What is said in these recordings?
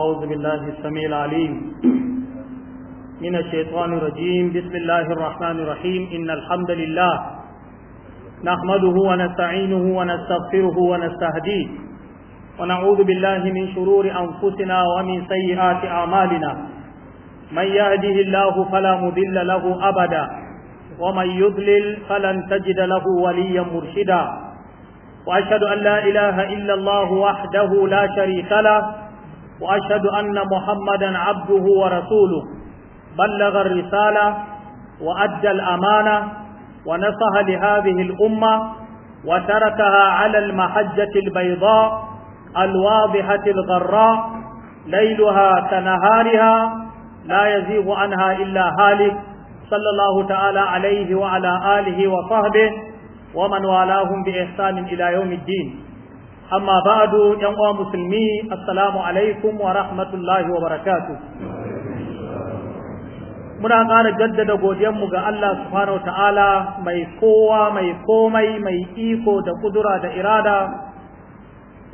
أعوذ بالله السميع العليم من الشيطان الرجيم بسم الله الرحمن الرحيم إن الحمد لله نحمده ونستعينه ونستغفره ونستهديه ونعوذ بالله من شرور أنفسنا ومن سيئات أعمالنا من يهده الله فلا مضل له أبدا ومن يضلل فلن تجد له وليا مرشدا وأشهد أن لا إله إلا الله وحده لا شريك له وأشهد أن محمدا عبده ورسوله بلغ الرسالة وأدى الأمانة ونصح لهذه الأمة وتركها على المحجة البيضاء الواضحة الغراء ليلها كنهارها لا يزيغ عنها إلا هالك صلى الله تعالى عليه وعلى آله وصحبه ومن والاهم بإحسان إلى يوم الدين amma ba'du yan uwa musulmi assalamu alaikum wa rahmatullahi wa barakatuh muna ƙara jaddada godiyanmu ga Allah subhanahu ta'ala mai kowa mai komai mai iko da kudura da irada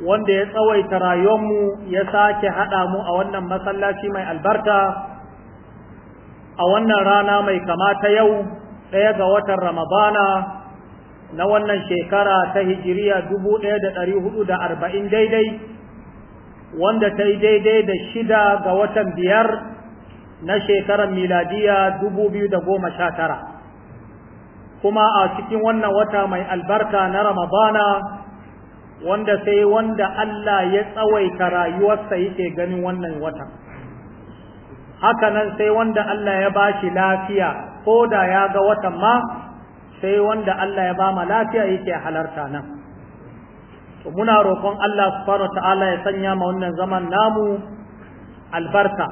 wanda ya tsawaita rayuwarmu ya sake haɗa mu a wannan masallaci mai albarka a wannan rana mai kamata yau ɗaya ga watan ramadana na wannan shekara ta hijiriya dubu ɗaya da ɗari hudu da arba'in daidai wanda ta yi daidai da shida ga watan biyar na shekarar miladiya dubu biyu da goma sha tara kuma a cikin wannan wata mai albarka na ramadana wanda sai wanda Allah ya tsawaita rayuwarsa yake ganin wannan wata hakanan sai wanda Allah ya ba shi lafiya ko da ya ga watan ma sai wanda Allah ya ba ma lafiya yake halarta nan to muna roƙon Allah subhanahu ta'ala ya sanya ma wannan zaman namu albarka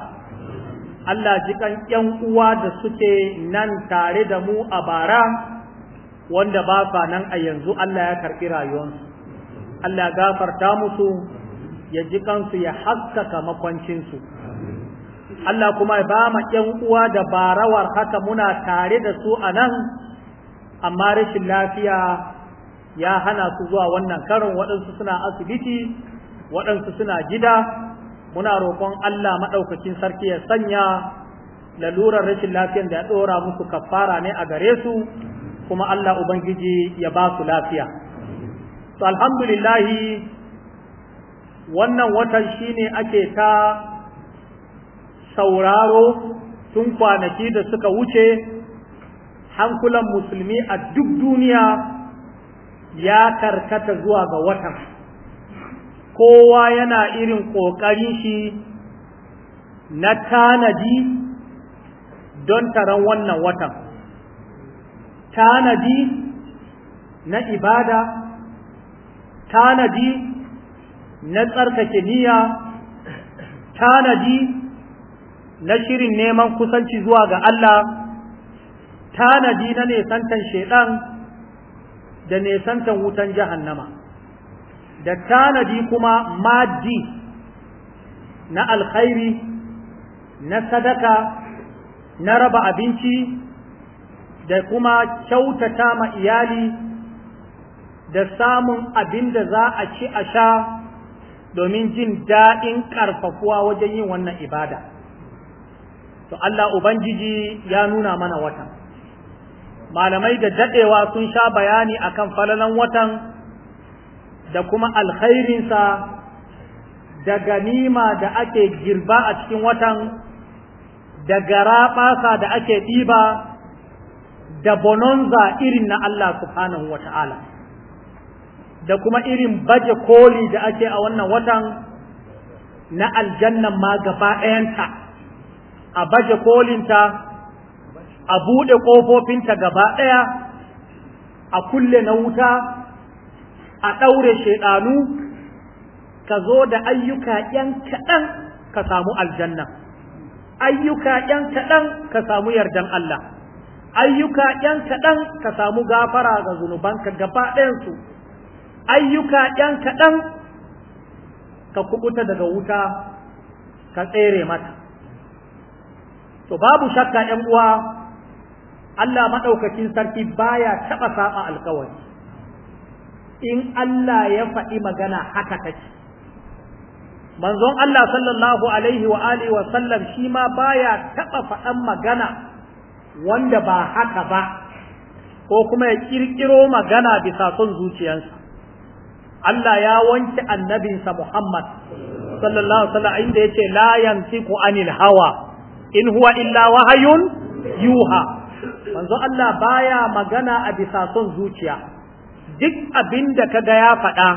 Allah jikan ƴan uwa da suke nan tare da mu a bara wanda ba fa nan a yanzu Allah ya karɓi rayuwarsu Allah ya gafarta musu ya ji kansu ya haskaka makwancinsu Allah kuma ya ba ma ƴan uwa da barawar haka muna tare da su a nan amma rashin lafiya ya hana su zuwa wannan karin waɗansu suna asibiti waɗansu suna gida muna roƙon Allah maɗaukacin sarki ya sanya lalurar rashin lafiyar da ya ɗora musu kafara ne a gare su kuma Allah Ubangiji ya ba su lafiya. To alhamdulillahi wannan watan shi shine ake ta sauraro tun kwanaki da suka wuce hankulan musulmi a duk duniya ya karkata zuwa ga watan kowa yana irin ƙoƙarin shi na tanadi don taron wannan watan tanadi na ibada tanadi na tsarkake niyya tanadi na shirin neman kusanci zuwa ga Allah tanadi na nesantan shaidan da nesantan wutan jahannama da tanadi kuma maddi na alkhairi na sadaka na raba abinci da kuma kyautata ma iyali da samun abin da za a ci a sha domin jin daɗin ƙarfafuwa wajen yin wannan ibada to Allah Ubangiji ya nuna mana watan malamai da dadewa sun sha bayani akan falalan watan da kuma alkhairinsa da ganima da ake girba a cikin watan da garaɓasa da ake ɗiba da bononza irin na Allah subhanahu wa da kuma irin baje koli da ake a wannan watan na aljannan ma gaba ɗayanta a baje kolinta a buɗe kofofinta gaba ɗaya a kulle na wuta a ɗaure shaiɗanu ka zo da ayyuka ‘yan kaɗan ka samu aljanna ayyuka ‘yan kaɗan ka samu yardan Allah ayyuka ‘yan kaɗan ka samu gafara ga zunubanka gaba ɗayansu ayyuka ‘yan kaɗan ka kubuta daga wuta ka tsere mata to babu shakka ‘yan uwa Allah maɗaukacin sarki baya taɓa saɓa alkawari in Allah ya faɗi magana haka take manzon Allah sallallahu alaihi wa alihi wa sallam shi ma baya taɓa faɗan magana wanda ba haka ba ko kuma ya ƙirƙiro magana bisa son zuciyarsa Allah ya wanke annabinsa Muhammad sallallahu alaihi inda yace la yantiqu anil hawa in huwa illa wahayun yuha manzo Allah baya magana a bisa son zuciya duk abin da kaga ya faɗa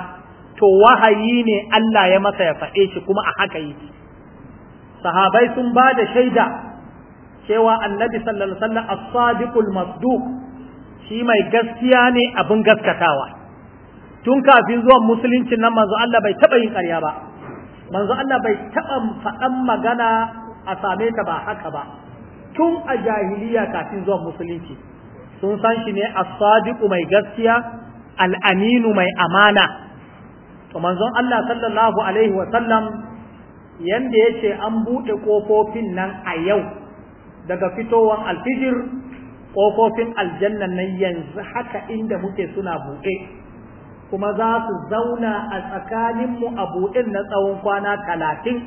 to wahayi ne Allah ya masa ya faɗe shi kuma a haka yake sahabai sun ba da shaida cewa annabi sallallahu alaihi wasallam as-sadiqul masduq shi mai gaskiya ne abin gaskatawa tun kafin zuwan musulunci nan manzo Allah bai taba yin ƙarya ba manzo Allah bai taɓa faɗan magana a same ta ba haka ba tun a jahiliya kafin zuwa musulunci sun san shi ne as-sadiqu mai gaskiya al-aminu mai amana to manzon Allah sallallahu alaihi wa sallam yanda yace an bude kofofin nan a yau daga fitowan alfijir kofofin aljanna nan yanzu haka inda muke suna buɗe kuma za su zauna a tsakaninmu a buɗin na tsawon kwana talatin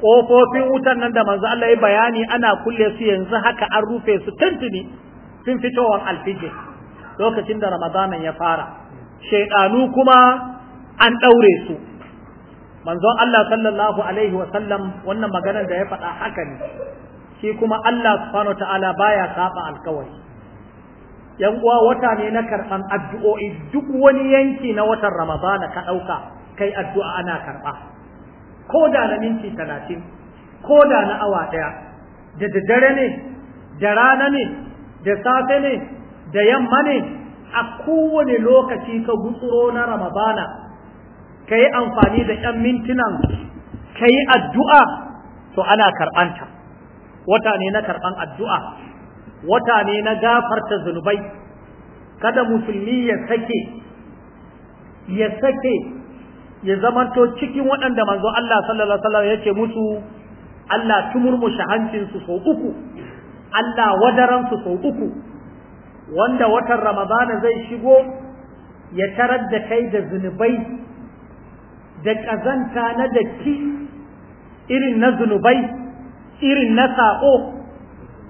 ƙofofin wutan nan da manzo Allah ya bayani ana kulle su yanzu haka an rufe su tuntuni tun fitowar alfijir lokacin da ramadana ya fara shaidanu kuma an ɗaure su manzo Allah sallallahu alaihi wa sallam wannan maganar da ya faɗa haka ne shi kuma Allah subhanahu ta'ala baya saba alkawari yan uwa wata ne na karɓan addu'o'i duk wani yanki na watan ramadana ka ɗauka kai addu'a ana karɓa ko da na minti talatin ko da na awa ɗaya da daddare ne da rana ne da safe ne da yamma ne a kowane lokaci ka gutsuro na ramabana ka yi amfani da ‘yan mintunan ka yi addu'a to ana karɓanta wata ne na karɓan addu'a wata ne na gafarta zunubai kada musulmi ya sake ya sake ya zamanto cikin waɗanda manzo Allah sallallahu alaihi wasallam yake musu Allah tumurmushe hancinsu sau uku Allah Wadaran su sau uku wanda watan Ramadana zai shigo ya tarar da kai da zunubai da kazanta na datti irin na zunubai irin na saƙo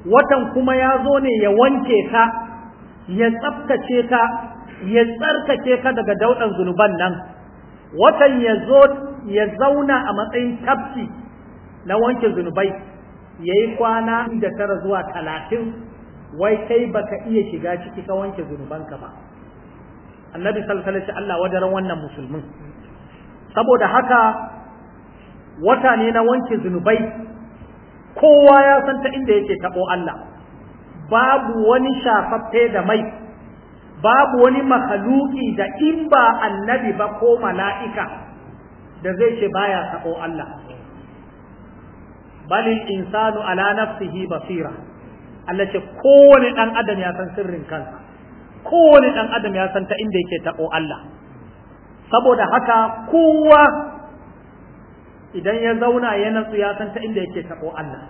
watan kuma ya zo ne ya wanke ka ya tsaftace ka ya tsarkake ka daga dauɗan zunuban nan watan ya zauna a matsayin tafki na wanke zunubai ya yi kwana da tara zuwa talatin wai kai baka iya shiga ciki ka wanke zunubanka ba annabi sallallahu Allah wadaran wannan musulmin saboda haka wata ne na wanke zunubai kowa ya san ta inda yake tabo Allah babu wani shafaffe da mai babu wani makhluki da in ba annabi ba ko mala'ika da zai ce baya sako Allah bali insanu ala nafsihi basira Allah ce kowane dan adam ya san sirrin kansa kowane dan adam ya san ta inda yake tako Allah saboda haka kowa idan ya zauna ya natsu ya san ta inda yake tako Allah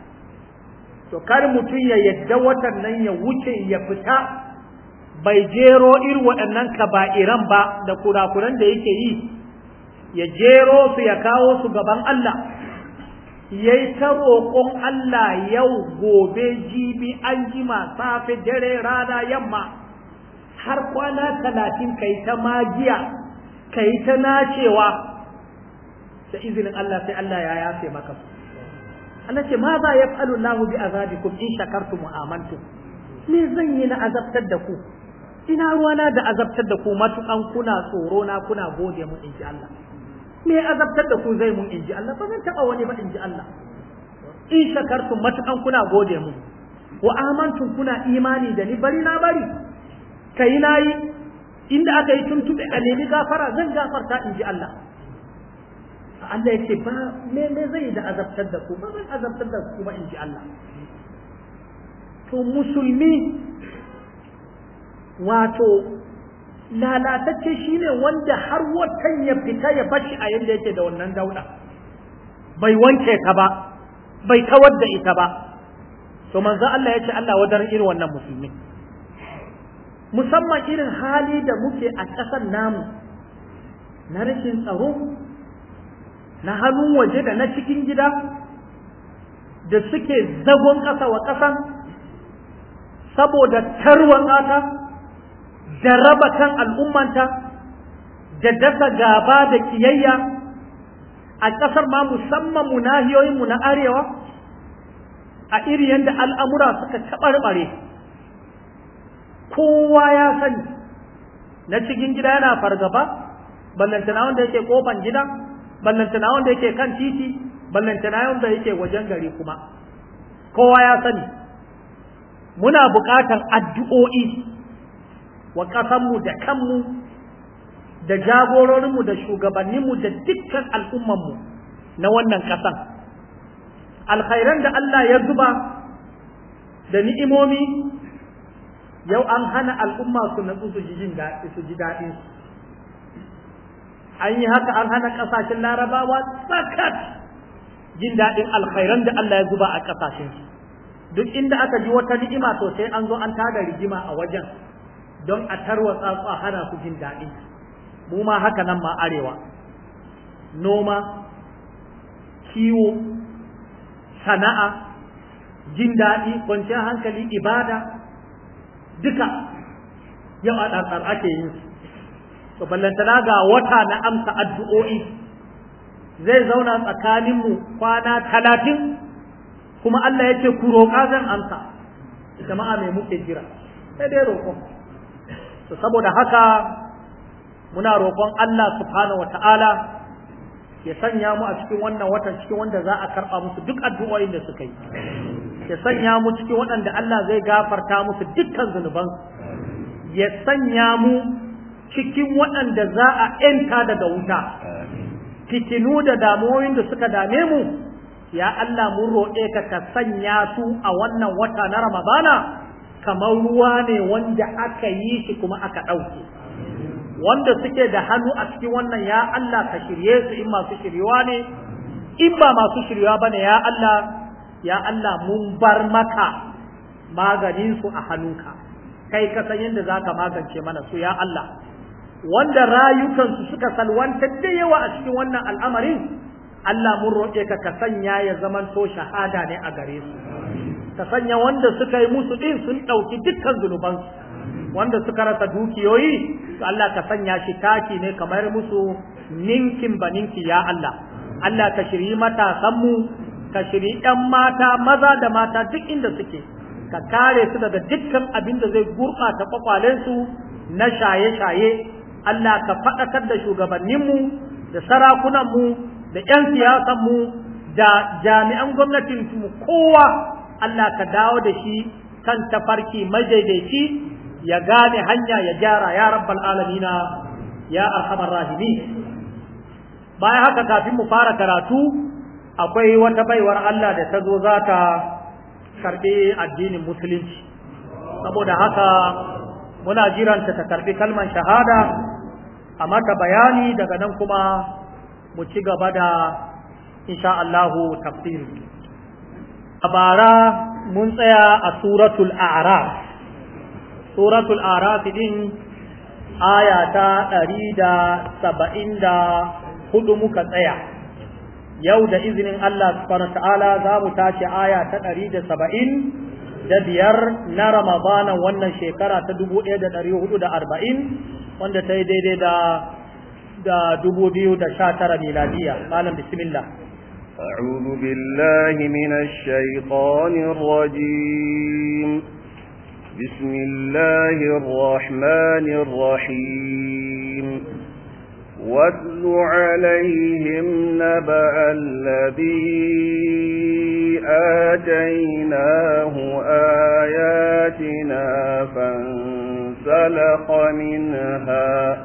to kar mutum ya yadda watan nan ya wuce ya fita bai jero irin waɗannan kaba'iran ba da kurakuran da yake yi ya jero su ya kawo su gaban Allah ya yi ta roƙon Allah yau gobe jibi an jima safe dare rana yamma har kwana talatin ka yi ta magiya ka yi ta nacewa da izinin Allah sai Allah ya yafe maka Allah ce ma za ya falu lahu bi azabikum in shakartum amantum me zan yi na azabtar da ku ina ruwana da azabtar da ku matukan kuna tsoro na kuna gode mu inji Allah me azabtar da ku zai mun inji Allah ba zan taba wani ba inji Allah in shakartu matukan kuna gode mu wa amantum kuna imani da ni bari na bari kai nayi inda aka yi tuntube a nemi gafara zan gafarta inji Allah Allah ya ce ba me me zai da azabtar da ku ba zan azabtar da ku ba inji Allah to musulmi wato lalatacce ne wanda har watan ya fita ya bashi a yadda yake da wannan dauda bai wanke ta ba bai kawar da ita ba to manzo Allah ya ce Allah wadar irin wannan musulmi musamman irin hali da muke a ƙasar namu na rashin tsaro na hannun waje da na cikin gida da suke zagon ƙasa wa ƙasan saboda tarwan ƙasa. da raba kan al'ummanta da dasa gaba da kiyayya a ƙasar ma musamman mu nahiyoyinmu na arewa a iri yadda al'amura suka taɓarɓare kowa ya sani na cikin gida yana fargaba ballantana wanda yake ƙofan gida ballantana wanda yake kan titi ballantana wanda yake wajen gari kuma kowa ya sani muna buƙatar addu'o'i wa kasanmu da kanmu da jagororinmu da shugabanninmu da dukkan al'ummanmu na wannan ƙasan alkhairan da Allah ya zuba da ni'imomi yau an hana al'umma su natsu su ji daɗin su an yi haka an hana ƙasashen larabawa tsakat jin daɗin alkhairan da Allah ya zuba a ƙasashen duk inda aka ji wata ni'ima to sai an zo an tada rigima a wajen don a tarwa tsatsa a hana ku jin daɗi mu ma haka nan ma arewa noma kiwo sana'a jin daɗi kwanciyar hankali ibada duka yau a ɗarɗar ake yin su to ballantana ga wata na amsa addu'o'i zai zauna tsakaninmu kwana talatin kuma Allah ya ce ku roƙa zan amsa jama'a mai muke jira sai dai roƙon to saboda haka muna roƙon Allah subhanahu wata'ala ya sanya mu a cikin wannan watan cikin wanda za a karɓa musu duk addu'o'in da suka yi ya sanya mu cikin waɗanda Allah zai gafarta musu dukkan zunuban, ya sanya mu cikin waɗanda za a enta daga wuta fitinu da damuwoyin da suka dame mu ya Allah mun roƙe ka ka sanya su a wannan wata na Ramadana kamar ruwa ne wanda aka yi shi kuma aka ɗauke wanda suke da hannu a cikin wannan ya Allah ka shirye su in masu shiryuwa ne in ba masu shiryuwa bane ya Allah ya Allah mun bar maka maganin su a hannunka kai ka san yadda zaka magance mana su ya Allah wanda rayukansu suka salwanta da yawa a cikin wannan al'amarin Allah mun roƙe ka ka sanya ya zamanto shahada ne a gare su ka sanya wanda suka yi musu din sun ɗauki dukkan zunubansu wanda suka rasa dukiyoyi to Allah ka sanya shi taki ne kamar musu ninkin ba ninki ya Allah Allah ka shiri matasanmu ka shiri ɗan mata maza da mata duk inda suke ka kare su daga dukkan abin da zai gurɓata kwakwalensu na shaye-shaye Allah ka faɗakar da shugabanninmu da sarakunanmu da 'yan siyasanmu da jami'an mu kowa Allah ka dawo da shi kan tafarki majaidaici ya gane hanya ya gyara ya rabbal alamina ya arhamar rahimi bayan haka kafin mu fara karatu akwai wata baiwar Allah da ta zo za ta karɓi addinin musulunci saboda haka muna jiranta ta karɓi kalman shahada a mata bayani daga nan kuma mu ci gaba da insha Allahu tafsiri a bara mun tsaya a suratul araf suratul araf din aya ta ɗari da saba'in da hudu muka tsaya yau da izinin Allah subhanahu ta'ala za mu tashi aya ta ɗari da saba'in da biyar na ramadana wannan shekara ta dubu ɗaya da ɗari hudu da arba'in wanda ta yi daidai da da dubu biyu da sha tara miladiya malam bismillah أعوذ بالله من الشيطان الرجيم بسم الله الرحمن الرحيم واتل عليهم نبأ الذي آتيناه آياتنا فانسلخ منها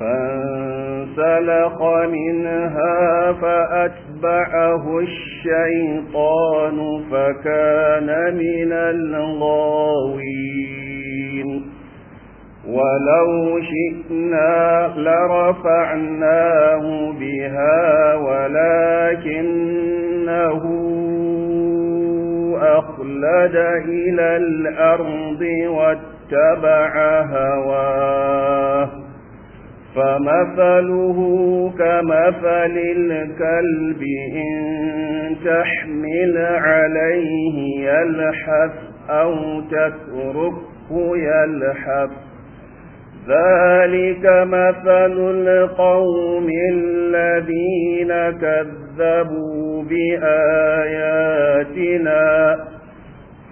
فانسلخ منها فأتبعه فأتبعه الشيطان فكان من الغاوين ولو شئنا لرفعناه بها ولكنه أخلد إلى الأرض واتبع هواه فمثله كمثل الكلب إن تحمل عليه يلحف أو تتركه يلحف ذلك مثل القوم الذين كذبوا بآياتنا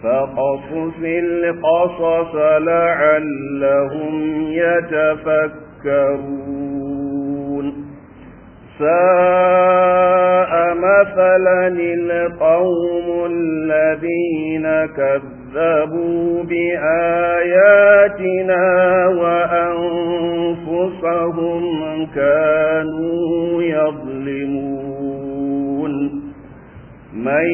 فقصص القصص لعلهم يتفكرون تذكرون ساء مثلا القوم الذين كذبوا بآياتنا وأنفسهم كانوا يظلمون من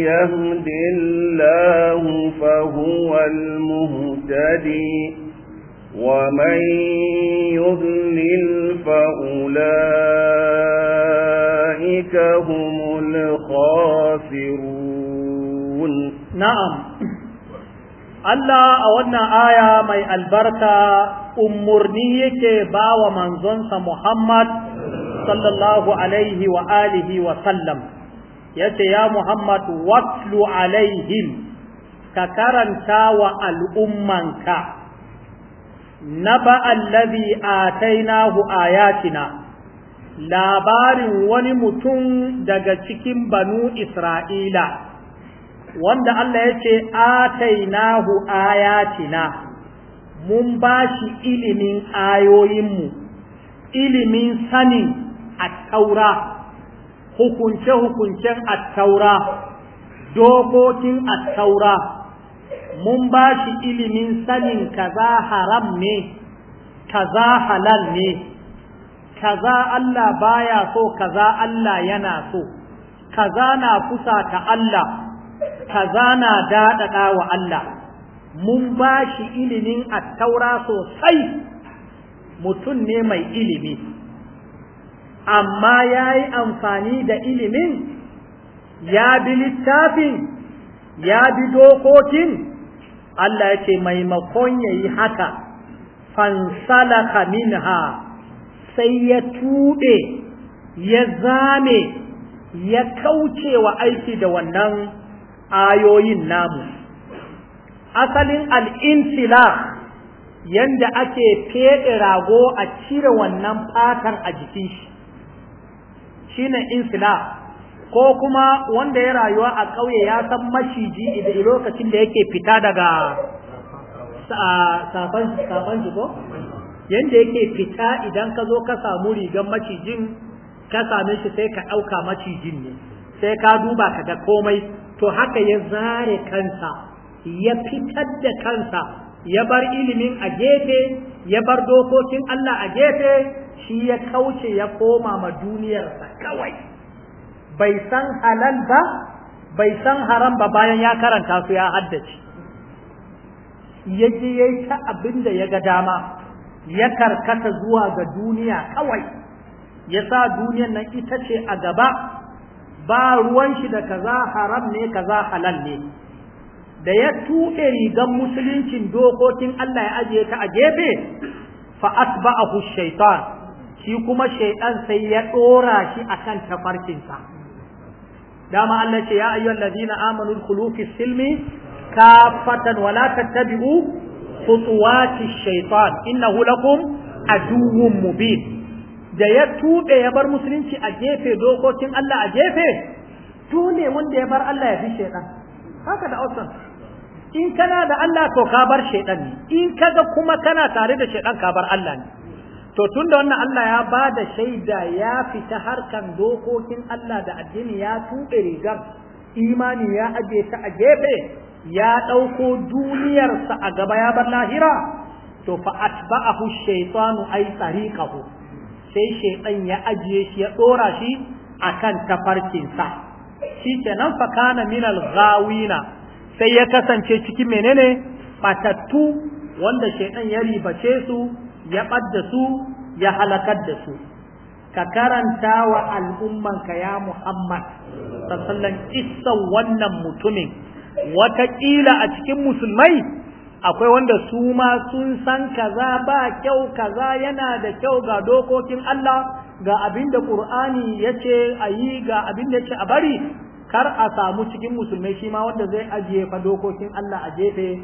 يهد الله فهو المهتدي ومن يضلل فأولئك هم الخاسرون نعم Allah a wannan aya mai albarka umurni yake ba wa manzonsa Muhammad sallallahu alaihi wa alihi wa sallam yace ya Muhammad watlu alaihim ka karanta wa al'ummanka naba allazi atainahu ayatina labarin wani mutum daga cikin banu isra'ila wanda Allah ya ce atainahu ayatina mun bashi ilimin ayoyinmu ilimin sanin attaura hukunce-hukuncen attaura dokokin attaura mun ba shi ilimin sanin kaza haram ne kaza halal ne kaza Allah baya so kaza Allah yana so kaza na kusa ta Allah kaza na daɗaɗa wa Allah mun ba shi ilimin attaura sosai mutum ne mai ilimi amma ya yi amfani da ilimin ya bi littafin ya bi dokokin Allah ya ce maimakon ya yi haka fansalaka minha sai ya tuɗe ya zame ya kauce wa aiki da wannan ayoyin namu asalin al'insila yanda ake feɗe rago a cire wannan fatan a jikin shi shine insila ko kuma wanda ya rayuwa a ƙauye ya san maciji da lokacin da yake fita daga safan shi ko yadda yake fita idan ka zo ka samu rigan macijin ka same shi sai ka ɗauka macijin ne sai ka duba ka ga komai to haka ya zare kansa ya fitar da kansa ya bar ilimin a gefe ya bar dokokin Allah a gefe shi ya kauce ya koma ma duniyarsa kawai bai san halal ba bai san haram ba bayan ya karanta su ya haddace ya je ya ta abin da ya ga dama ya karkata zuwa ga duniya kawai ya sa duniyar nan ita ce a gaba ba ruwan shi da kaza haram ne kaza halal ne da ya tuɓe rigar musuluncin dokokin Allah ya ajiye ta a gefe fa asba'ahu shaitan shi kuma shaitan sai ya ɗora shi akan tafarkinsa dama Allah ce ya ayyuhal ladina amanu khulu fi silmi kafatan wa la tattabi'u khutuwati shaytan innahu lakum aduwwun mubin da ya tuɓe ya bar musulunci a gefe dokokin Allah a gefe tune wanda ya bar Allah ya fi shaytan haka da ausan in kana da Allah to ka bar shaytan ne in kaga kuma kana tare da shaytan ka bar Allah ne to tun da wannan Allah ya ba da shaida ya fita harkan dokokin Allah da addini ya tuɓe rigar imani ya aje ta a gefe ya ɗauko duniyarsa a gaba ya bar lahira to fa atba'ahu shaytanu ay tariqahu sai shaytan ya ajiye shi ya ɗora shi akan tafarkinsa shikenan fa kana min al-ghawina sai ya kasance cikin menene batattu wanda shaytan ya ribace su ya ɓadda su ya halakar da su ka karanta wa al'ummanka ya Muhammad sallan kissan wannan mutumin wataƙila a cikin musulmai akwai wanda su ma sun san kaza ba kyau kaza yana da kyau ga dokokin Allah ga abin da Ƙur'ani ya ce a yi ga abin da ya ce a bari kar a samu cikin musulmai shi ma wanda zai ajiye fa dokokin Allah a jefe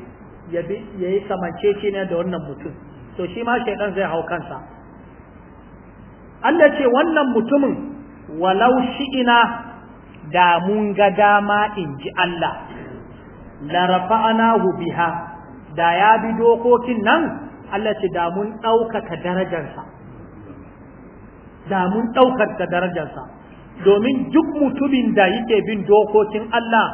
ya yi samance shi ne da wannan mutum to shi ma shaidan zai hau kansa Allah ce wannan mutumin walau ina da mun ga dama in ji Allah la biha da ya bi dokokin nan Allah ce da mun ɗaukaka darajarsa da mun ɗaukaka darajarsa domin duk mutumin da yake bin dokokin Allah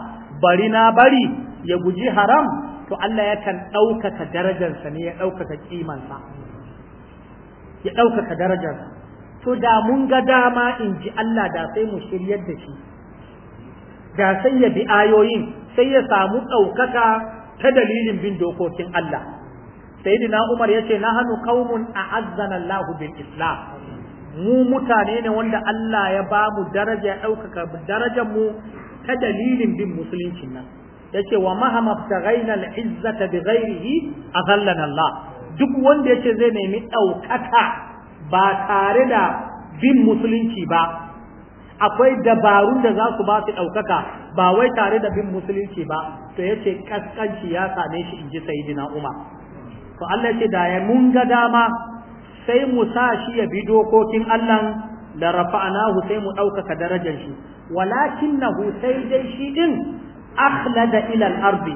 bari na bari ya guji haram to Allah yakan ɗaukaka darajarsa ne ya ɗaukaka ƙimansa ya ɗaukaka darajarsa to da mun ga dama in ji Allah da sai mu shiryar da shi da sai ya bi ayoyin sai ya samu ɗaukaka ta dalilin bin dokokin Allah sayyidina Umar na hannu kaumun a Allahu bil Islam mu mutane ne wanda Allah ya ba mu daraja ya ɗaukaka darajar mu ta dalilin bin musuluncin nan yace wa mahama tagayna al-izzata bighairihi aghallana Allah duk wanda yace zai nemi daukaka ba tare da bin musulunci ba akwai dabarun da za su ba su daukaka ba wai tare da bin musulunci ba to yace kaskanci ya same shi inji sayyidina Umar to Allah yace da ya mun ga dama sai mu sa shi ya bi dokokin Allah da rafa'nahu sai mu daukaka darajar shi walakinnahu sai dai shi din akhlada da al-ardi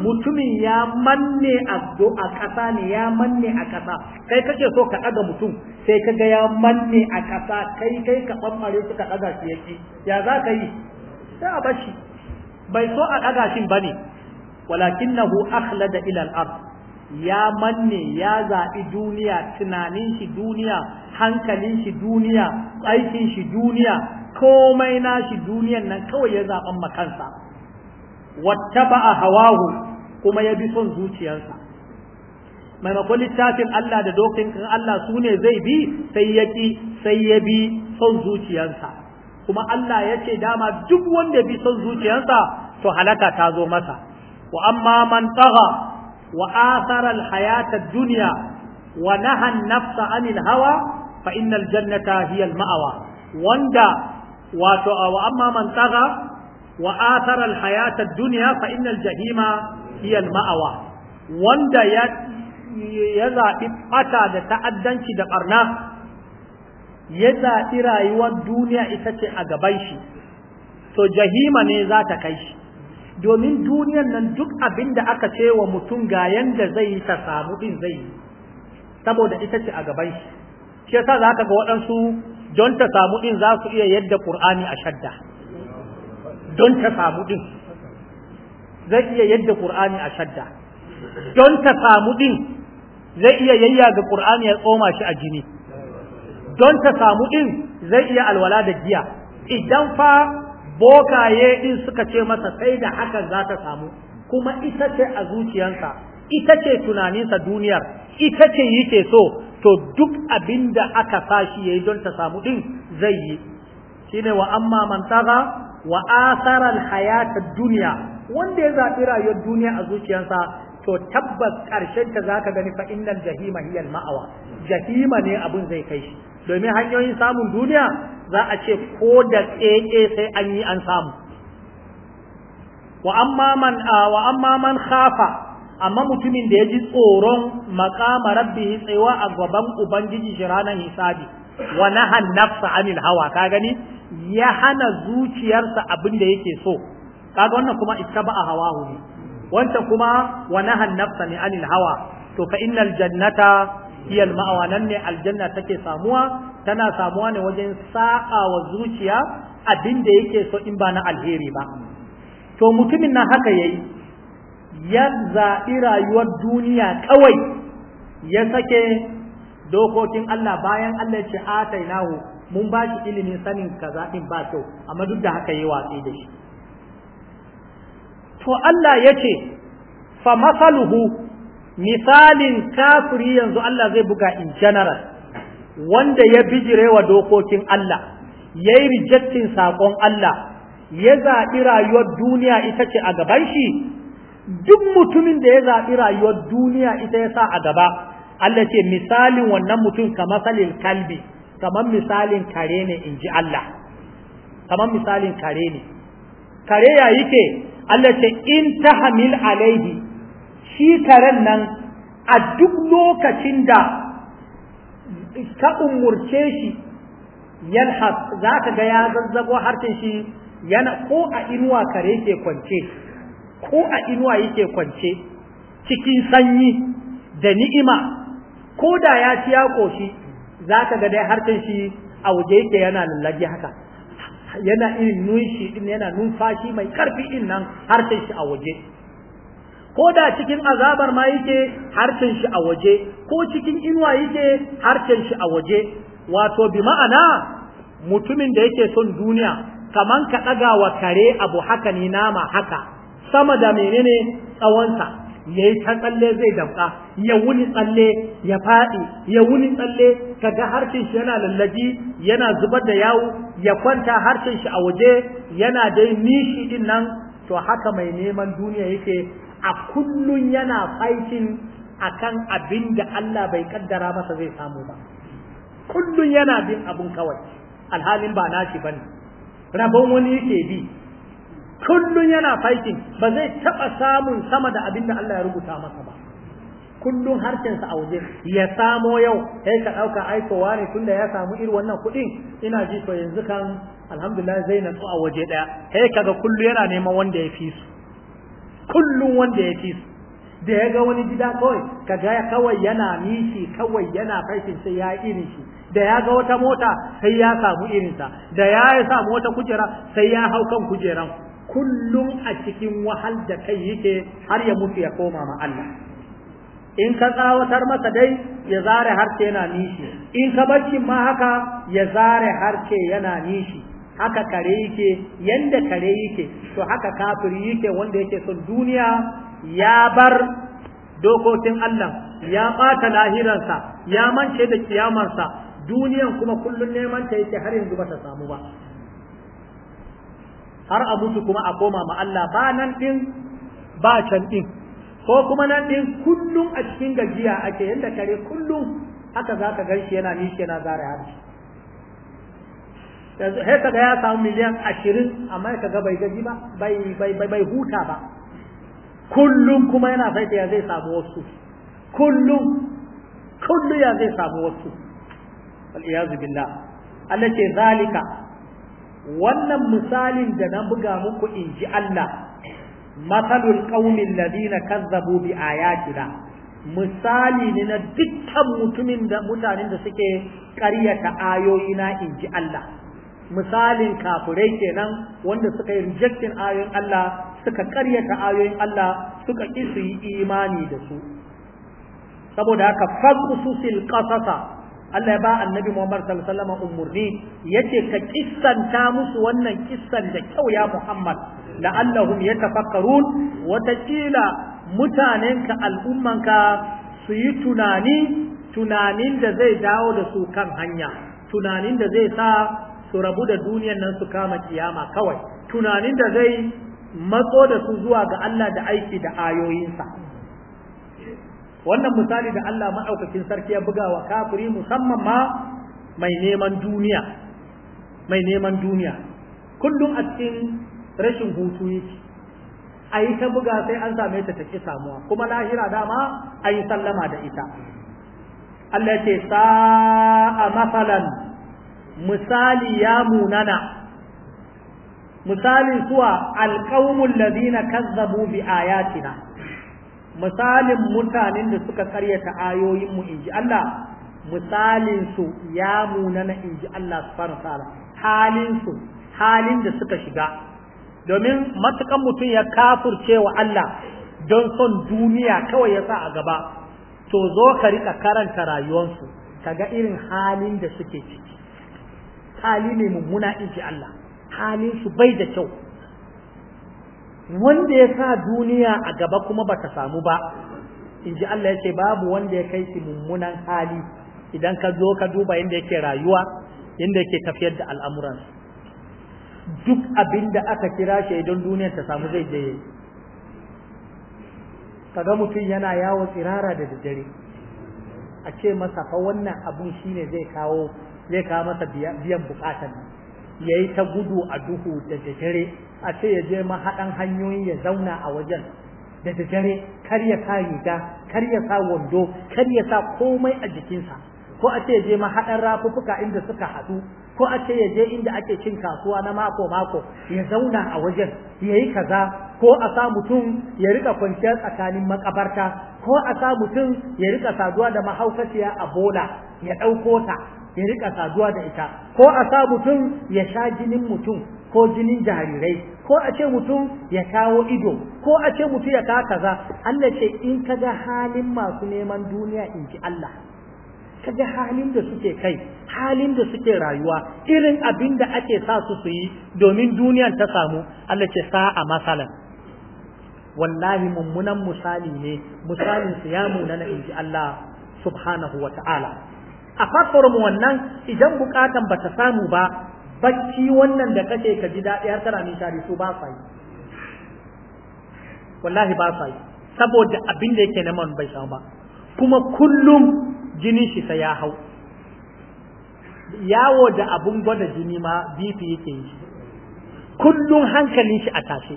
mutumin ya manne a a ƙasa ne ya manne a ƙasa kai kake so ka ɗaga mutum sai ka ga ya manne a ƙasa kai kai ka ɓamɓare su ka ɗaga shi yake ya za ka yi sai a bashi bai so a ɗaga shi ba ne walakinnahu akhlada ila al ya manne ya zaɓi duniya tunanin shi duniya hankalin shi duniya aikin shi duniya komai na shi duniyan nan kawai ya zaɓan makansa wattaba'a hawahu kuma ya bi son zuciyarsa maimakon littafin Allah da dokin Allah su ne zai bi sai ya ki sai ya bi son zuciyarsa kuma Allah ya ce dama duk wanda bi son zuciyarsa to halaka ta zo masa wa amma man tagha wa athara al-hayata ad-dunya wa naha an-nafsa 'anil hawa fa innal jannata hiya al-ma'wa wanda wato wa amma man tagha wa athara duniya hayata jahima hiya al wanda ya ya zaɓi ɓata da ta'addanci da ɓarna ya zaɓi rayuwar duniya ita ce a gaban shi to jahima ne za ta kai shi domin duniyan nan duk abin da aka ce wa mutum ga yanda zai yi ta samu din zai yi saboda ita ce a gabai shi shi yasa za ka ga waɗansu don ta samu din za su iya yadda ƙur'ani a shadda don ta samu din zai iya yadda qur'ani a shadda don ta samu din zai iya yayya ga qur'ani ya tsoma shi a jini don ta samu din zai iya alwala da giya idan fa bokaye din suka ce masa sai da hakan za ta samu kuma ita ce a zuciyansa ita ce tunaninsa duniyar ita ce yake so to duk abin da aka ya yayi don ta samu din zai yi shine wa amma man taga wa asarar hayatar duniya wanda ya zaɓi rayuwar duniya a zuciyarsa to tabbas ƙarshen ta za ka gani fa innal jahima hiyal ma'awa jahima ne abun zai kai shi domin hanyoyin samun duniya za a ce ko da tsaye sai an yi an samu wa amma man khafa amma mutumin da ya ji tsoron maqama rabbihi tsayuwa a gaban ubangiji shi ranar hisabi wa nahan nafsa anil hawa ka gani ya hana zuciyarsa abin da yake so kaga wannan kuma ittaba'a hawahu ne wanta kuma wa nahan nafsa ni anil hawa to fa innal jannata hiya al ma'wa nan ne aljanna take samuwa tana samuwa ne wajen sa'a wa zuciya abin da yake so in ba na alheri ba to mutumin nan haka yayi ya zaɓi rayuwar duniya kawai ya sake dokokin Allah bayan Allah ce atainahu mun ba shi ilimin sanin kaza din ba kyau amma duk da haka yi watsi da shi to Allah ya ce fa masaluhu misalin kafiri yanzu Allah zai buga in general wanda ya bijirewa dokokin Allah ya yi rejectin saƙon Allah ya zaɓi rayuwar duniya ita ce a gaban shi duk mutumin da ya zaɓi rayuwar duniya ita ya sa a gaba Allah ce misalin wannan mutum kamar salin kalbi kamar misalin kare ne in ji Allah kamar misalin kare ne kare ya yi ke Allah ce in ta hamil alaihi shi karen nan a duk lokacin da ka umurce shi yanha za ka ga ya zazzago harshen shi yana ko a inuwa kare ke kwance ko a inuwa yake kwance cikin sanyi da ni'ima ko da ya ci ya koshi za ka ga dai harshen shi a waje yake yana lullage haka yana irin nunshi din yana numfashi mai karfi din nan harshen shi a waje ko da cikin azabar ma yake harshen shi a waje ko cikin inuwa yake harshen shi a waje wato bi ma'ana mutumin da yake son duniya kaman ka ɗaga wa kare abu haka ne nama haka sama da menene tsawonsa yayi ta tsalle zai dafka ya wuni tsalle ya faɗi ya wuni tsalle kaga harshen shi yana lallaji yana zubar da yawo ya kwanta harshen shi a waje yana dai nishi din nan to haka mai neman duniya yake a kullun yana fighting akan abin da Allah bai kaddara masa zai samu ba kullun yana bin abun kawai alhalin ba nashi bane rabon wani yake bi Kullum yana fighting ba zai taɓa samun sama da abin da Allah ya rubuta masa ba Kullum harshensa a waje ya samo yau sai ka dauka aikowa ne tunda ya samu irin wannan kuɗin ina ji to yanzu kan alhamdulillah zai natsu a waje daya sai kaga kullu yana neman wanda ya fi su kullun wanda ya fi su da ya ga wani gida kawai kaga ya kawai yana nishi kawai yana fighting sai ya irin shi da ya ga wata mota sai ya samu irinsa da ya samu wata kujera sai ya hau kan kujeran kullum a cikin wahal da kai yake har ya mutu ya koma ma Allah in ka tsawatar masa dai ya zare harke yana nishi in ka bacci ma haka ya zare harke yana nishi haka kare yake yanda kare yake to haka kafiri yake wanda yake son duniya ya bar dokokin Allah ya ɓata lahiransa ya mance da kiyamarsa duniyan kuma kullum neman ta yake har yanzu ba ta samu ba har a mutu kuma a koma ma Allah ba nan ɗin ba can din ko kuma nan ɗin kullum a cikin gajiya ake yanda kare kullum haka za ka gan shi yana nishi yana zara harshe yanzu sai kaga ya samu miliyan ashirin amma ya kaga bai gaji ba bai bai bai bai huta ba kullum kuma yana faita ya zai samu wasu kullum kullum ya zai samu wasu wal billah Allah ce zalika wannan misalin da na buga muku in ji Allah matsalul ƙaunin ladina kazzabu bi ayatina misali ne na dukkan mutumin da mutanen da suke ƙaryata ayoyi na in ji Allah misalin kafirai kenan wanda suka yi rejectin ayoyin Allah suka ƙaryata ayoyin Allah suka ƙi su yi imani da su saboda haka fasusil qasasa Allah ya ba annabi Muhammad sallallahu alaihi wasallam umurni yace ka kissanta musu wannan kissan da kyau ya Muhammad la'allahum yatafakkarun watakila al'umman ka su yi tunani tunanin da zai dawo da su kan hanya tunanin da zai sa su rabu da duniyan nan su kama kiyama kawai tunanin da zai matso da su zuwa ga Allah da aiki da ayoyinsa wannan misali da Allah maɗaukakin sarki ya buga wa kafiri musamman ma mai neman duniya mai neman duniya kullum a cikin rashin hutu yake a yi ta buga sai an same ta take samuwa kuma lahira dama a yi sallama da ita Allah ce sa'a masalan misali ya munana misali suwa alƙawmun ladina kazzabu bi ayatina misalin mutanen da suka karyata ayoyinmu in ji Allah misalinsu ya munana in ji Allah subhanahu ta'ala halinsu halin da suka shiga domin matukan mutum ya kafurce wa Allah don son duniya kawai ya sa a gaba to zo ka riƙa karanta rayuwarsu kaga irin halin da suke ciki hali ne mummuna in ji Allah halinsu bai da kyau wanda ya sa duniya a gaba kuma ba ta samu ba in ji Allah ya ce babu wanda ya kai shi mummunan hali idan ka zo ka duba yadda yake rayuwa yadda yake tafiyar da al'amuran duk abin da aka kira shi idan duniya ta samu zai je kaga mutum yana yawo tsirara da dare a ce masa fa wannan abun shine zai kawo zai kawo masa biyan bukatan yayi ta gudu a duhu da daddare a ce ya je mahaɗan hanyoyi ya zauna a wajen da dare kar ya sa riga kar ya sa wando kar ya sa komai a jikinsa ko a ce ya je mahaɗan rafuffuka inda suka haɗu ko a ce ya je inda ake cin kasuwa na mako mako ya zauna a wajen ya yi kaza ko a sa mutum ya rika kwanciyar tsakanin makabarta ko a sa mutum ya rika saduwa da mahaukaciya a bola ya ɗauko ta ya rika saduwa da ita ko a sa mutum ya sha jinin mutum ko jinin jarirai ko a ce mutum ya kawo ido ko a ce mutum ya kawo kaza Allah ce in ka ga halin masu neman duniya in ji Allah ka ga halin da suke kai halin da suke rayuwa irin abin da ake sa su su yi domin duniyar ta samu Allah ce sa a masalan wallahi mummunan misali ne misalin su ya munana in ji Allah subhanahu wa ta'ala a mu wannan idan bukatan ba ta samu ba bacci wannan da kake ka ji daɗi har kana nishari su ba sa yi wallahi ba sa yi saboda abin da yake neman bai samu ba kuma kullum jinin shi sai ya hau yawo da abun gwada jini ma BP yake yi kullum hankalin shi a tashe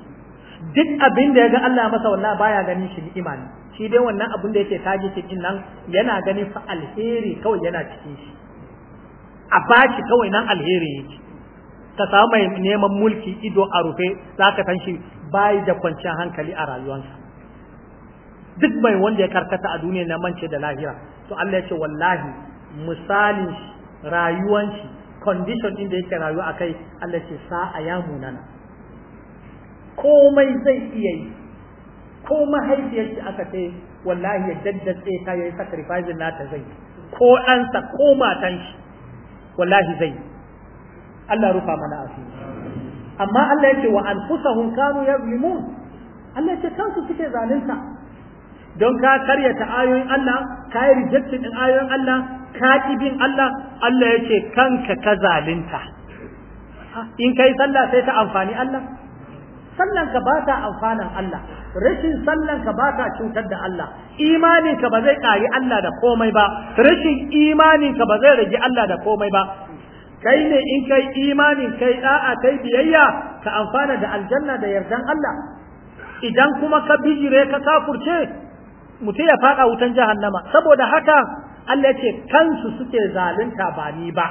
duk abin da ya ga Allah masa wallahi baya ganin shi ni'ima ne shi dai wannan abin da yake shi cikin nan yana ganin fa alheri kawai yana cikin shi a bashi kawai nan alheri yake ka samu mai neman mulki ido a rufe za ka san shi bayi da kwanciyar hankali a rayuwarsa duk mai wanda ya karkata a duniya na mance da lahira to Allah ya ce wallahi misalin rayuwanci, shi condition din da yake rayuwa akai Allah ya ce sa a ya munana komai zai iya yi ko mahaifiyar shi aka ce wallahi ya daddatse ta yayi sacrifice nata zai ko ɗansa ko matan shi wallahi zai Allah rufa mana asiri amma Allah yake wa anfusahum kanu yazlimun Allah yake kansu suke zalunta don ka karya ta ayoyin Allah ka yi rejection din ayoyin Allah ka bin Allah Allah yake kanka ka zalunta in kai sallah sai ta amfani Allah sallanka ba ta amfanan Allah rashin sallanka ba ta cutar da Allah imaninka ba zai ƙari Allah da komai ba rashin imaninka ba zai rage Allah da komai ba kai ne in kai imanin kai da'a kai biyayya ka amfana da aljanna da yardan Allah idan kuma ka bijire ka kafurce mutum ya fada wutan jahannama saboda haka Allah ya ce kansu suke zalunta ba ni ba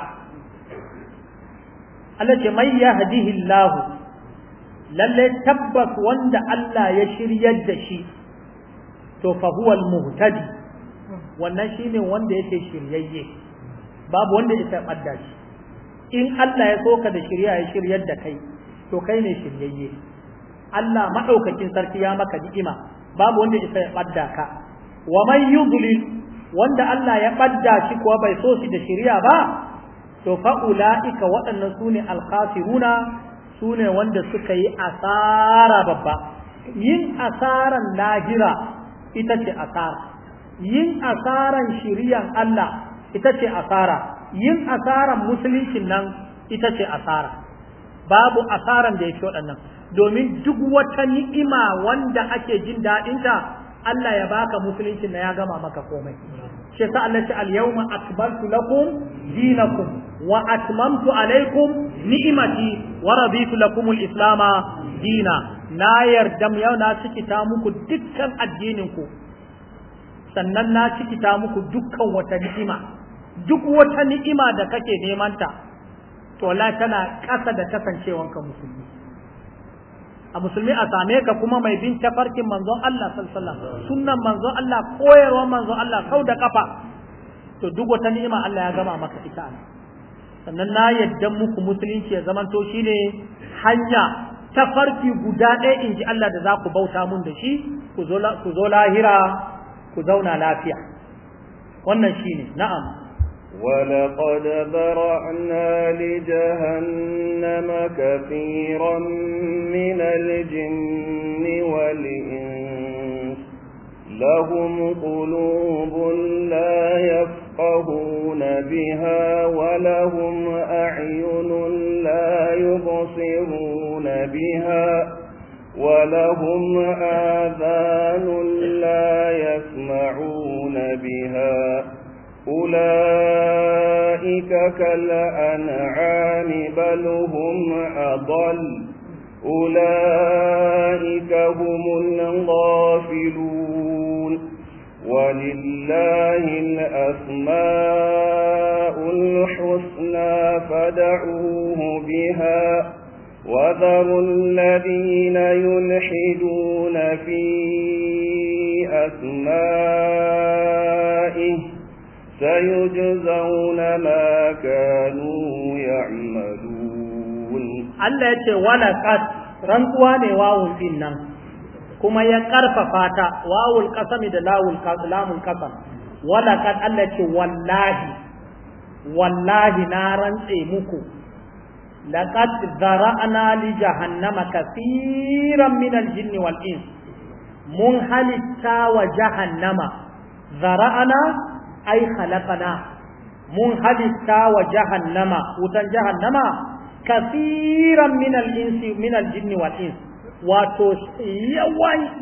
Allah ce mai hadihi Allah lalle tabbas wanda Allah ya shiryar da shi to fa huwa al-muhtadi wannan shine wanda yake shiryayye babu wanda ya tabadda shi in Allah ya so ka da shirya ya shiryar da kai to kai ne shiryayye Allah maɗaukakin sarki ya maka ni'ima babu wanda isa ya ɓadda ka wa man yudlil wanda Allah ya ɓadda shi kuwa bai so shi da shirya ba to fa ulaika waɗannan sune alkhasiruna sune wanda suka yi asara babba yin asaran lahira ita ce asara yin asaran shiryan Allah ita ce asara yin asaran musuluncin nan ita ce asara babu asaran da ya fi waɗannan domin duk wata ni'ima wanda ake jin daɗinta Allah ya baka musuluncin na ya gama maka komai shi yasa Allah ce al-yawma akmaltu lakum dinakum wa atmamtu alaykum ni'mati wa raditu lakum al-islam dina na yarda yau na cikita muku dukkan addinin ku sannan na cikita muku dukkan wata ni'ima duk wata ni'ima da kake neman ta to la tana kasa da ka musulmi a musulmi a same ka kuma mai bin tafarkin manzon Allah sallallahu alaihi sunnan manzon Allah koyarwar manzon Allah kau da kafa to duk wata ni'ima Allah ya gama maka ita ne sannan na yadda muku musulunci ya zamanto shine hanya ta farki guda ɗaya in ji Allah da za ku bauta mun da shi ku zo lahira ku zauna lafiya wannan shine na'am ولقد برعنا لجهنم كثيرا من الجن والإنس لهم قلوب لا يفقهون بها ولهم أعين لا يبصرون بها ولهم آذان لا يسمعون بها أولئك كالأنعام بل هم أضل أولئك هم الغافلون ولله الأسماء الحسنى فدعوه بها وذروا الذين يلحدون في أسمائه سيجزون ما كانوا يعملون الله يتي ولقد رنقوا ne wawun din nan kuma ya karfafa ta wawul qasami da lawul qalamul qasam walaqad Allah ce wallahi wallahi na rantse muku laqad zara'na li jahannama kaseeran min al-jinni mun halitta wa jahannama zara'na ai khalaqana mun halitta wa jahannama wutan jahannama kasiran min al-insi min al-jinni wal ins wato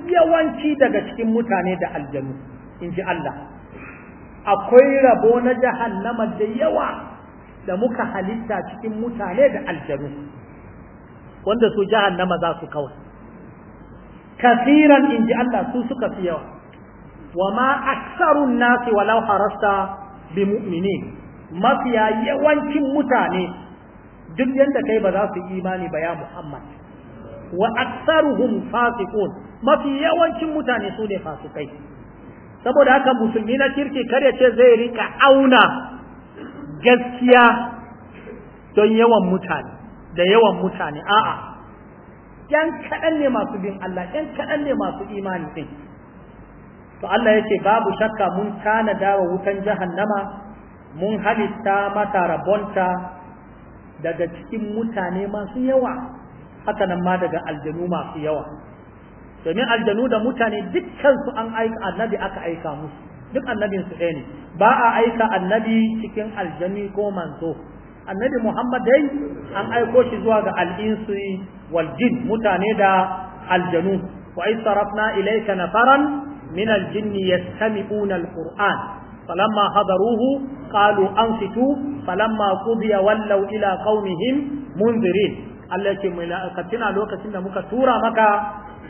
yawanci daga cikin mutane da aljanu in ji Allah akwai rabo na jahannama da yawa da muka halitta cikin mutane da aljanu wanda su jahannama za su kawai kasiran in ji Allah su suka fi yawa wa ma aksarun nasi walau harasta bi mu'mini, mafiya yawancin mutane duk yadda kai ba za su imani ba ya Muhammad wa aksaruhum fasiqun mafi yawancin mutane su ne fasikai saboda haka musulmi na kirki kar ya ce zai rika auna gaskiya don yawan mutane da yawan mutane a'a yan kaɗan ne masu bin Allah yan kaɗan ne masu imani din to Allah ya ce babu shakka mun tanada wa wutan jahannama mun halitta mata rabonta daga cikin mutane masu yawa haka nan ma daga aljanu masu yawa domin aljanu da mutane dukansu an aika annabi aka aika musu duk annabin su ne ba a aika annabi cikin aljani ko manzo annabi Muhammad dai an aiko shi zuwa ga al'insu wal jin mutane da aljanu wa isarafna na nafaran من الجن يستمعون القرآن فلما حضروه قالوا أنفتوا فلما قضي ولوا إلى قومهم منذرين التي ملاقتنا لوكتنا مكتورة مكة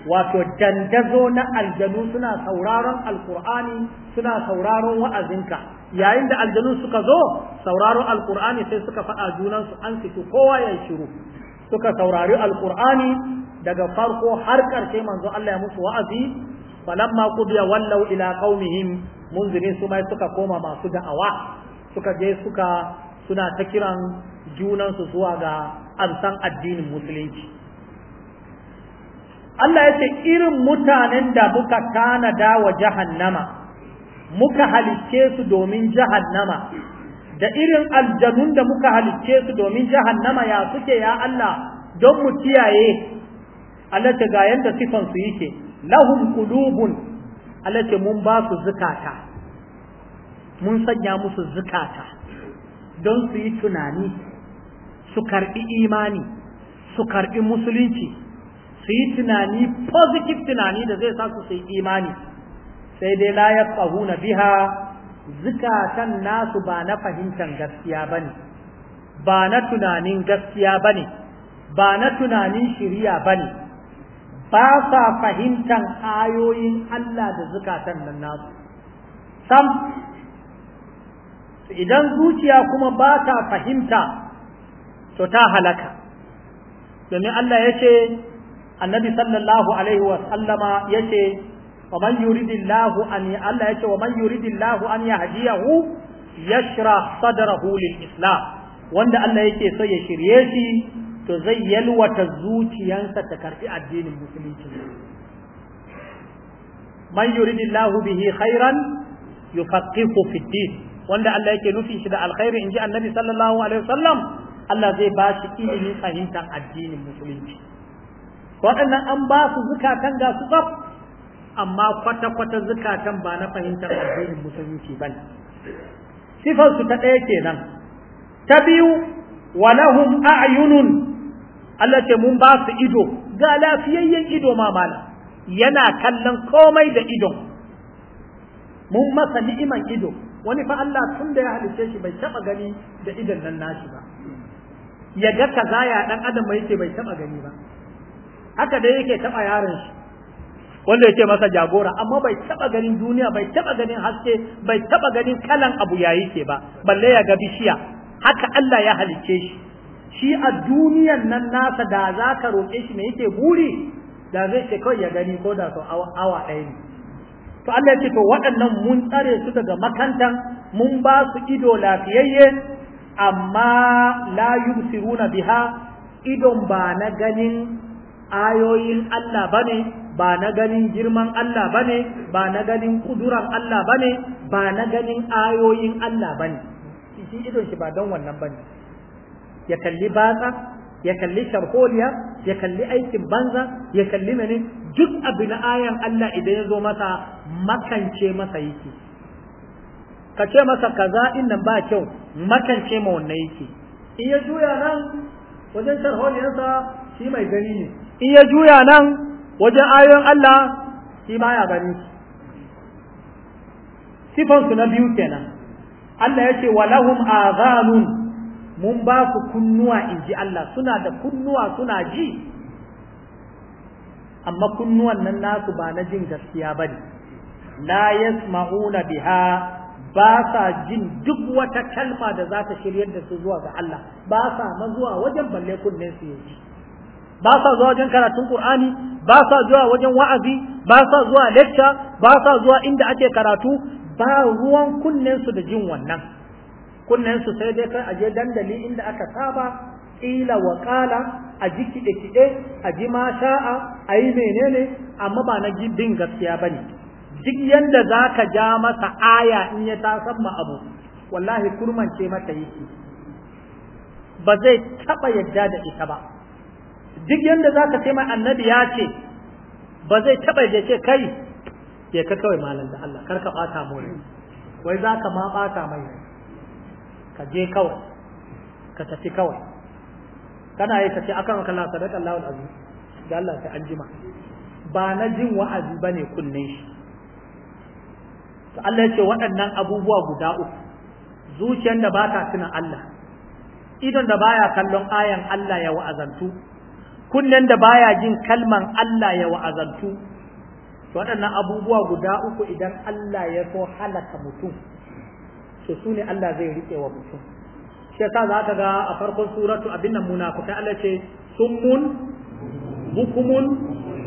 wato dandazo na aljanu suna sauraron alkur'ani suna sauraron wa'azinka yayin da aljanu suka zo sauraron alkur'ani sai suka faɗa junansu an fito kowa ya shiru suka saurari alkur'ani daga farko har ƙarshe manzo Allah ya musu wa'azi falamma qudiya wallau ila qaumihim munzirin su mai suka koma masu da'awa suka je suka suna ta kiran junan su zuwa ga amsan addinin musulunci Allah ya ce irin mutanen da muka da wa jahannama muka halice su domin jahannama da irin aljanun da muka halicce su domin jahannama ya suke ya Allah don mu kiyaye Allah ta ga yanda sifan su yake lahum qulubun Allah mun ba su zakata mun sanya musu zakata don su yi tunani su karbi imani su karbi musulunci su yi tunani positive tunani da zai sa su su yi imani sai dai la na biha zikatan nasu ba na fahimtan gaskiya ba ne ba na tunanin gaskiya bane ba na tunanin shiriya bane ba sa fahimtar ayoyin Allah da zukatan nan nasu sam idan zuciya kuma ba ta fahimta to ta halaka domin Allah ya ce annabi sallallahu alaihi wa sallama ya ce wa man yuridillahu an Allah ya ce wa man yuridillahu an ya shira sadrahu lil islam wanda Allah yake so ya shirye shi to zai yalwata zuciyansa ta karfi addinin musulunci man yuridillahu bihi khairan yufaqihu fi din wanda Allah yake nufi shi da alkhairi inji annabi sallallahu alaihi wasallam Allah zai ba shi ilimin fahimtar addinin musulunci waɗannan an ba su zukatan ga su tsaf amma kwata-kwata zukatan ba na fahimtar addinin musulunci ba ne su ta ɗaya kenan ta biyu lahum a'yunun Allah ce mun ba su ido ga lafiyayyen ido ma mala yana kallon komai da idon mun masa ni'iman ido wani fa Allah tun da ya halice shi bai taba gani da idon nan nashi ba ya ga kaza ya dan adam bai ce bai taba gani ba haka dai yake taba yaron shi wanda yake masa jagora amma bai taba ganin duniya bai taba ganin haske bai taba ganin kalan abu yayi ke ba balle ya ga bishiya haka Allah ya halice shi shi a duniyan nan nasa da za ka roƙe shi mai yake buri da zai ce kawai ya gani ko da sau awa ɗaya ne to Allah ya ce to waɗannan mun tsare su daga makantan mun ba su ido lafiyayye amma la yubsiruna biha idon ba na ganin ayoyin Allah bane ba na ganin girman Allah bane ba na ganin kuduran Allah bane ba na ganin ayoyin Allah bane shi idon shi ba don wannan bane ya kalli batsa ya kalli sharholiya ya kalli aikin banza ya kalli mene duk abu na ayan Allah idan ya zo masa makance masa yake ka ce masa kaza innan ba kyau makance ma wannan yake in ya juya nan wajen sharholiyarsa shi mai gani ne in ya juya nan wajen ayoyin Allah shi ma ya gani sifansu na biyu kenan Allah ya ce walahum azanun mun ba ku kunnuwa in ji Allah suna da kunnuwa suna ji amma kunnuwan nan nasu ba na jin gaskiya ba ne la yasma'una biha ba sa jin duk wata kalma da za ta shiryar da su zuwa ga Allah ba sa ma zuwa wajen balle kunnen su yaji ba sa zuwa wajen karatun Qur'ani ba sa zuwa wajen wa'azi ba sa zuwa lecture ba sa zuwa inda ake karatu ba ruwan kunnen su da jin wannan kunnensu sai dai kai aje dandali inda aka saba ƙila wa ƙala a ji kiɗe-kiɗe a ji ma sha'a a yi menene amma ba na bin gaskiya ba ne duk yadda za ka ja masa aya in ya tasan ma abu wallahi kurmance mata yake ba zai taɓa yadda da ita ba duk yadda za ka ce mai annabi ya ce ba zai taɓa yadda ce kai ya ka kawai malam da Allah kar ka ɓata mu wai za ka ma ɓata mai rai ka je kawai ka tafi kawai kana yi ka ce akan maka Allah sadaka Allah azim da Allah sai an jima ba na jin wa'azi bane kunne. shi to Allah ya ce waɗannan abubuwa guda uku zuciyar da ba ta tuna Allah idon da baya kallon ayan Allah ya wa'azantu kunnen da baya jin kalman Allah ya wa'azantu waɗannan abubuwa guda uku idan Allah ya so halaka mutum to su ne Allah zai riƙe wa mutum shi yasa za ka ga a farkon suratu abin nan munafikai Allah ce summun bukumun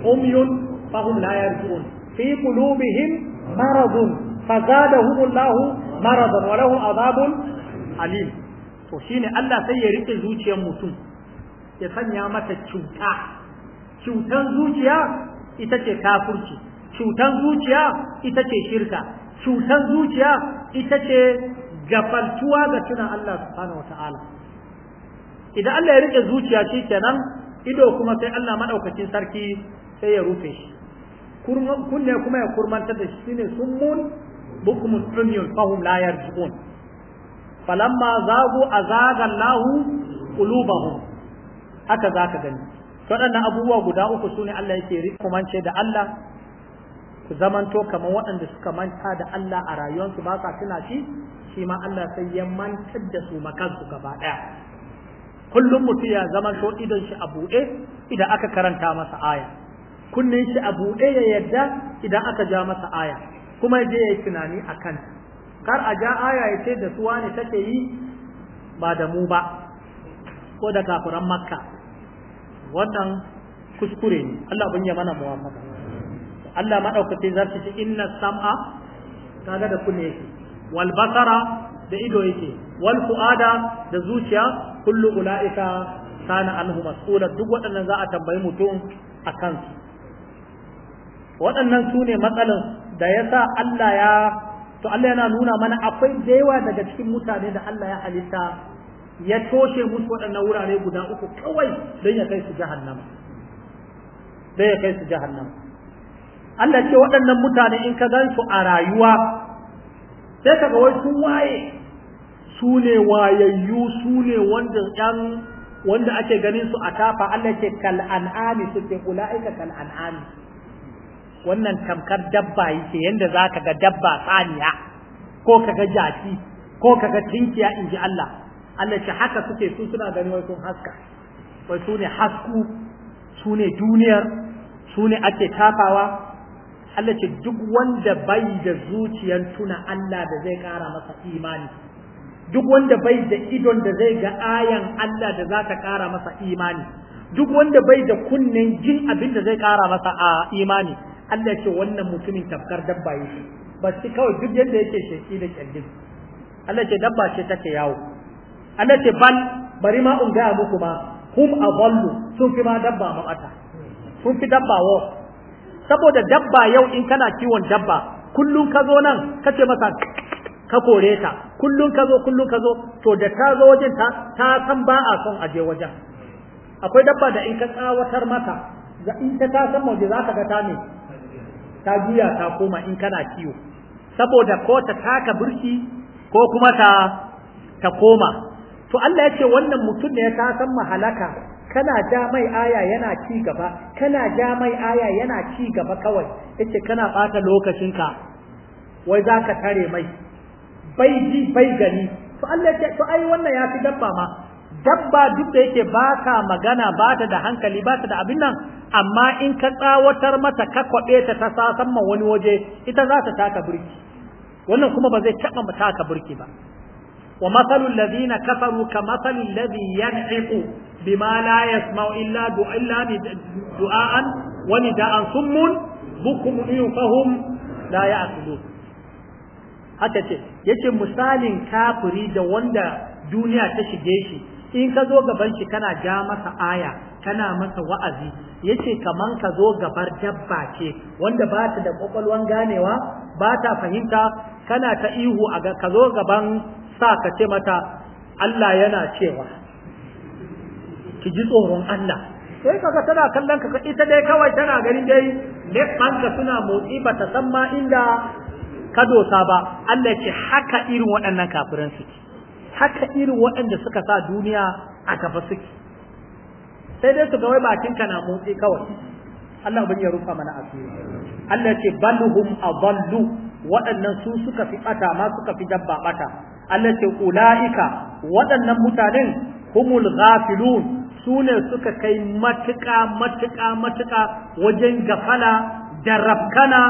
umyun fahum la yarji'un fi qulubihim maradun fazadahum Allah maradan wa lahum adhabun alim to shine Allah sai ya rike zuciyar mutum ya sanya mata cuta cutan zuciya ita ce kafirci cutan zuciya ita ce shirka cutar zuciya ita ce gafaltuwa ga tunan Allah subhanahu wata'ala idan Allah ya rike zuciya shi kenan ido kuma sai Allah madaukakin sarki sai ya rufe shi kunne kuma ya kurmantar da shi shine summun bukumun umyun fahum la yarji'un falamma zagu azaga Allahu qulubahum haka zaka gani waɗannan abubuwa guda uku sune Allah yake rikumance da Allah su zamanto kamar waɗanda suka manta da Allah a rayuwarsu ba sa tuna shi shi ma Allah sai ya mantar da su makansu gaba ɗaya kullum mutum ya zamanto idon shi a buɗe idan aka karanta masa aya kunnin shi a buɗe ya yadda idan aka ja masa aya kuma ya je ya yi tunani a kan kar a ja aya ya ce da su wani take yi ba da mu ba ko da kafiran makka wannan kuskure ne Allah bin ya mana Allah madaukakin zarci shi inna sam'a kaga da kunne yake wal basara da ido yake wal fuada da zuciya kullu ulaika kana anhu mas'ula duk waɗannan za a tambayi mutum a kansu waɗannan su ne matsalan da yasa Allah ya to Allah yana nuna mana akwai da daga cikin mutane da Allah ya halitta ya toshe musu waɗannan wurare guda uku kawai don ya kai su jahannama don ya kai su jahannama Allah ce waɗannan mutane in ka gan su a rayuwa sai kaga wai sun waye su ne wayayyu su ne wanda ɗan wanda ake ganin su a tafa Allah ce kal an'ami suke ula'ika kal an'ami wannan tamkar dabba yake yanda za ka ga dabba saniya ko ka ga jaki ko ka ga tinkiya in ji Allah Allah ce haka suke su suna gani wai sun haska wai su ne hasku su ne duniyar su ne ake tafawa Allah ce duk wanda bai da zuciyar tuna Allah da zai kara masa imani duk wanda bai da idon da zai ga ayan Allah da za ta ƙara masa imani duk wanda bai da kunnen jin abin da zai kara masa a imani Allah ce wannan mutumin tafkar dabba yake ba shi kawai duk yadda yake sheki da kyallin Allah ce dabba ce take yawo Allah ce ban bari ma in gaya muku ma hum adallu sun fi ma dabba ma'ata sun fi dabba wa saboda dabba yau in kana kiwon dabba kullum ka zo nan kace masa ka kore ta kullum ka zo kullum ka zo to da ta zo wajen ta ta san ba a son aje wajen akwai dabba da in ka tsawatar mata da in ta san waje za ka ga ta ne ta juya ta koma in kana kiwo saboda ko ta taka burki ko kuma ta ta koma to Allah ya ce wannan mutum ne ya ta san mahalaka kana ja mai aya yana ci gaba kana ja mai aya yana ci gaba kawai yace kana bata ka wai zaka tare mai bai ji bai gani to Allah ya to ai wannan ya fi dabba ma dabba duk da yake baka magana bata da hankali bata da abin nan amma in ka tsawatar mata ka kwabe ta ta sasan man wani waje ita za ta taka burki wannan kuma ba zai taba taka burki ba wa masalul ladina kafaru ka masalil ladhi yan'iqu bima la yasma'u illa illa du'aan wa nida'an summun bukum fahum la haka ce yace misalin kafiri da wanda duniya ta shige shi in ka zo gaban shi kana ja masa aya kana masa wa'azi yace kaman ka zo gabar dabba ce wanda ba ta da kwakwalwan ganewa ba ta fahimta kana ta ihu a ka zo gaban sa ka ce mata Allah yana cewa ki ji tsoron Allah sai kaga tana kallon ka ita dai kawai tana ganin dai leɓɓanka suna motsi ba ta san ma inda ka dosa ba Allah ce haka irin waɗannan kafiran suke haka irin waɗanda suka sa duniya a gaba suke sai dai su ga wai ka na motsi kawai Allah ubangiji ya rufa mana asiri Allah ce balhum adallu waɗannan su suka fi bata ma suka fi dabba bata Allah ce ulaika waɗannan mutanen humul ghafilun su ne suka kai matuƙa matuƙa matuƙa wajen gafala da rafkana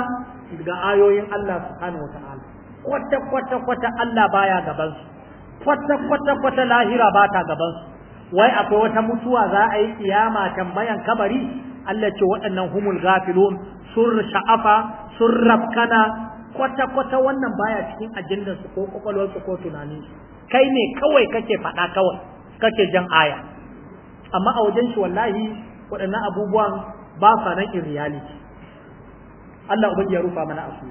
ga ayoyin Allah subhanahu ta'ala kwata kwata kwata Allah baya gaban su kwata kwata kwata lahira ba ta gaban wai akwai wata mutuwa za a yi kiyama tambayan kabari Allah ce waɗannan humul gafilun sun sha'afa sun rafkana kwata-kwata wannan baya cikin ajindansu ko su ko tunaninsu kai ne kawai kake faɗa kawai kake jan aya amma a wajen shi wallahi waɗannan abubuwan ba sa nan in reality Allah ubangi ya rufa mana asu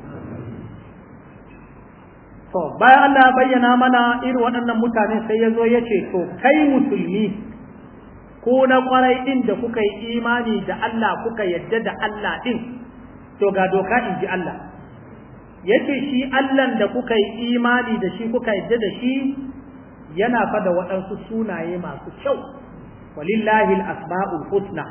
to bayan Allah bayyana mana irin waɗannan mutane sai ya zo ya ce to kai musulmi ko na kwarai din da kuka yi imani da Allah kuka yadda da Allah din to ga doka in ji Allah yace shi Allah da kuka yi imani da shi kuka yadda da shi yana fada waɗansu sunaye masu kyau walillahi al-asma'ul husna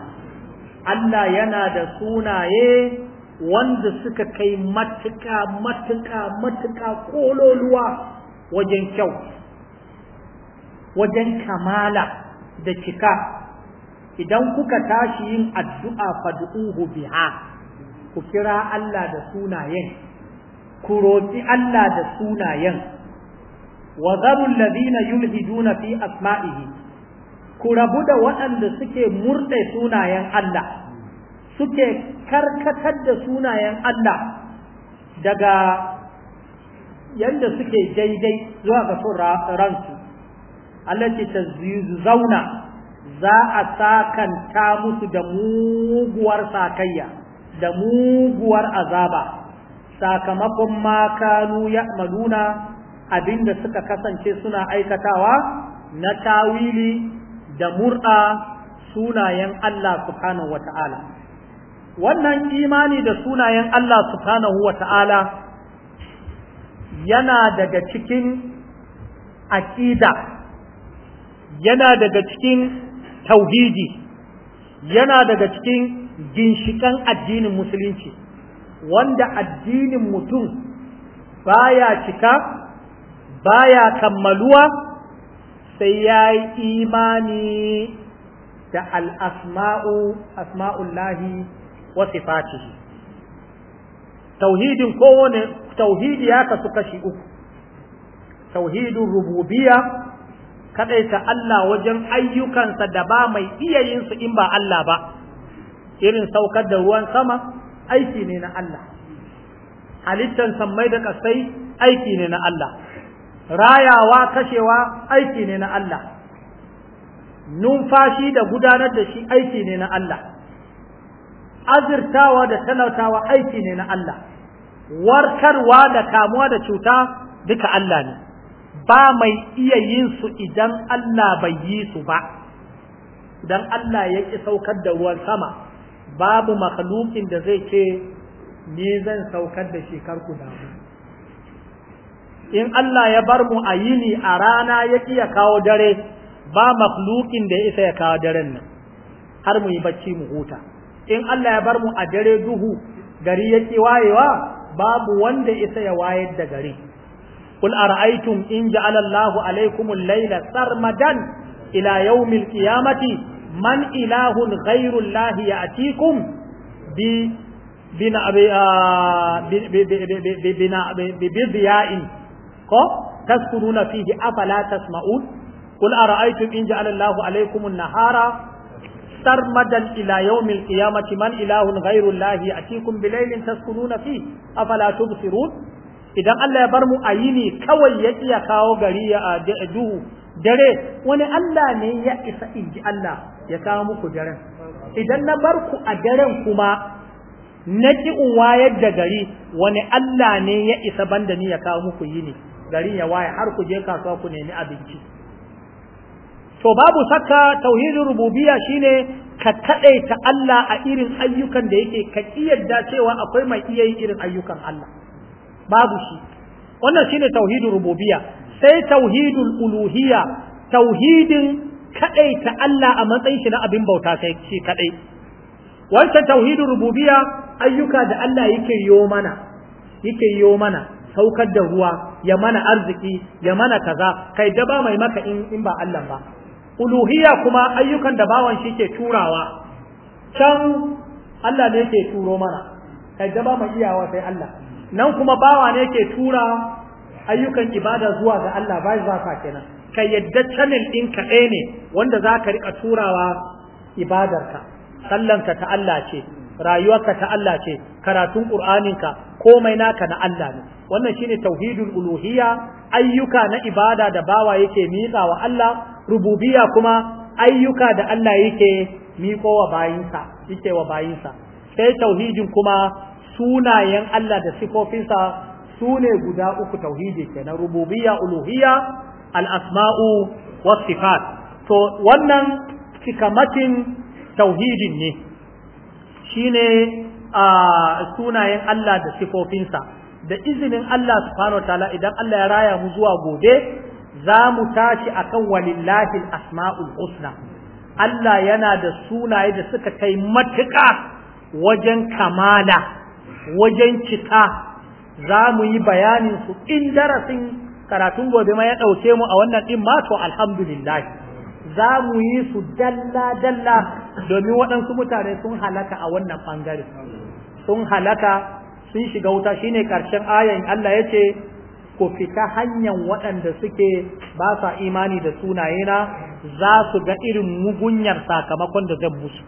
Allah yana da sunaye wanda suka kai matuka, matuka, matuka kololuwa wajen kyau wajen kamala da cika idan kuka tashi yin addu'a fad'uhu biha ku kira Allah da sunayen ku roƙi Allah da sunayen wa zarul ladina yulhiduna fi asma'ihi ku rabu da waɗanda suke murɗe sunayen Allah suke karkatar da sunayen Allah daga yadda suke daidai zuwa ga ransu Allah ce ta zauna za a sakanta musu da muguwar sakayya da muguwar azaba sakamakon ma kanu ya maluna abinda suka kasance suna aikatawa na tawili da mur'a sunayen Allah subhanahu wata'ala wannan imani da sunayen Allah subhanahu wata'ala yana daga cikin aƙida yana daga cikin tauhidi yana daga cikin ginshikan addinin musulunci wanda addinin mutum baya cika baya kammaluwa sai ya yi imani da al'asma'u asma'ullahi wasu sifatihi tauhidin kowane tauhidi ya kasu kashi uku tauhidin rububiya kaɗai ta Allah wajen ayyukansa da ba mai iya yin in ba Allah ba irin saukar da ruwan sama aiki ne na Allah Halittar sammai da ƙasai aiki ne na Allah rayawa kashewa aiki ne na Allah numfashi da gudanar da shi aiki ne na Allah azirtawa da talautawa aiki ne na Allah warkarwa da kamuwa da cuta duka Allah ne ba mai iya yin su idan Allah bai yi su ba idan Allah ya ki saukar da ruwan sama babu makhlukin da zai ce ni zan saukar da shekar ku damu in Allah ya bar mu a yini a rana ya ya kawo dare ba makhlukin da ya isa ya kawo daren nan har mu yi bacci mu huta in Allah ya bar mu a dare duhu gari yake wayewa babu wanda isa ya wayar da gari qul a in inji alallahu alaykum al-layla sarmadan ila yawm al-qiyamati man ilahun ghayru Allah ya'tikum bi bina ko taskuruna fihi afala tasma'un qul ara'aytum in ja'ala Allahu alaykum an-nahara sarmadan ila yawmil qiyamati man ilahun ghayru a atikum bilaylin taskuruna fihi afala tubsirun idan Allah ya bar mu a yini kawai ya iya kawo gari ya duhu dare wani Allah ne ya isa ji Allah ya kawo muku daren idan na bar ku a daren kuma na ki in da gari wani Allah ne ya isa banda ni ya kawo muku yini garin ya waye har ku je kasuwa ku nemi abinci to babu saka tauhidin rububiyya shine ka kadaita Allah a irin ayyukan da yake ka kiyarda cewa akwai mai iya yin irin ayyukan Allah babu shi wannan shine tauhidin rububiyya sai tauhidul uluhiyya tauhidin kadaita Allah a matsayin shi na abin bauta sai shi kadai wancan tauhidin rububiyya ayyuka da Allah yake mana yake yo mana saukar da ruwa ya mana arziki ya mana kaza kai da ba mai maka in ba Allah ba uluhiyya kuma ayyukan da bawan shi ke turawa can Allah ne ke turo mana kai da ba mai iyawa sai Allah nan kuma bawa ne ke tura ayyukan ibada zuwa ga Allah ba za ka kenan kai yadda channel din ka ɗaya ne wanda za ka rika turawa ibadarka sallanka ta Allah ce rayuwarka ta Allah ce karatun Qur'aninka komai naka na Allah ne wannan shine tauhidul uluhiyya ayyuka na ibada da bawa yake miƙa wa Allah rububiyya kuma ayyuka da Allah yake miƙo wa bayinsa yake wa bayinsa sai tauhidin kuma sunayen Allah da sifofinsa su ne guda uku tauhidi kenan rububiyya uluhiyya al-asma'u was sifat to wannan cikamakin tauhidin ne shine a ah, sunayen Allah da sifofinsa da izinin Allah subhanahu ta'ala idan Allah ya raya mu zuwa gobe za mu tashi akan walillahi asma'ul husna Allah yana da sunaye da suka kai matuƙa wajen kamala wajen cika za mu yi bayanin su in darasin karatun gobe ma ya ɗauke mu a wannan ɗin ma to alhamdulillah za mu yi su dalla-dalla domin waɗansu mutane sun halaka a wannan ɓangare sun halaka sun shiga wuta shine ƙarshen ayan Allah ya ce ku fita hanyar waɗanda suke ba sa imani da sunayena za su ga irin mugunyar sakamakon da zan musu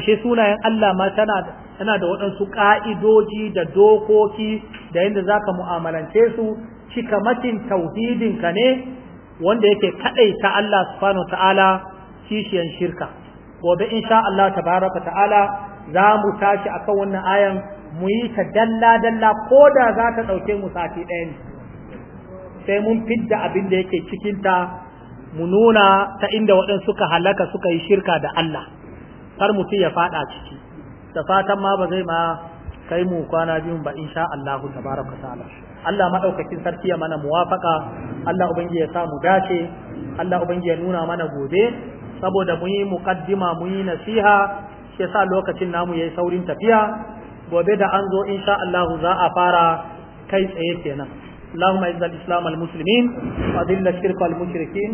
ashe sunayen Allah ma tana da waɗansu ƙa'idoji da dokoki da yadda za ka mu'amalance su cika cikamakin tauhidinka ne wanda yake kaɗai ta Allah subhanahu ta'ala kishiyan shirka gobe sha Allah baraka ta'ala za mu tashi a kan wannan ayan mu yi ta dalla dalla ko da za ta ɗauke mu sati ɗaya ne sai mun fidda abin da yake cikinta mu nuna ta inda waɗansu suka halaka suka yi shirka da Allah kar mutum ya faɗa ciki da fatan ma ba zai ma kai mu kwana biyun ba insha Allah baraka ta'ala Allah madaukakin sarki ya mana muwafaka Allah ubangiji ya sa mu dace Allah ubangiji ya nuna mana gobe saboda mu yi muqaddima mu yi nasiha shi yasa lokacin namu yayi saurin tafiya gobe da an zo insha Allah za a fara kai tsaye kenan اللهم اعز الاسلام المسلمين واذل الشرك والمشركين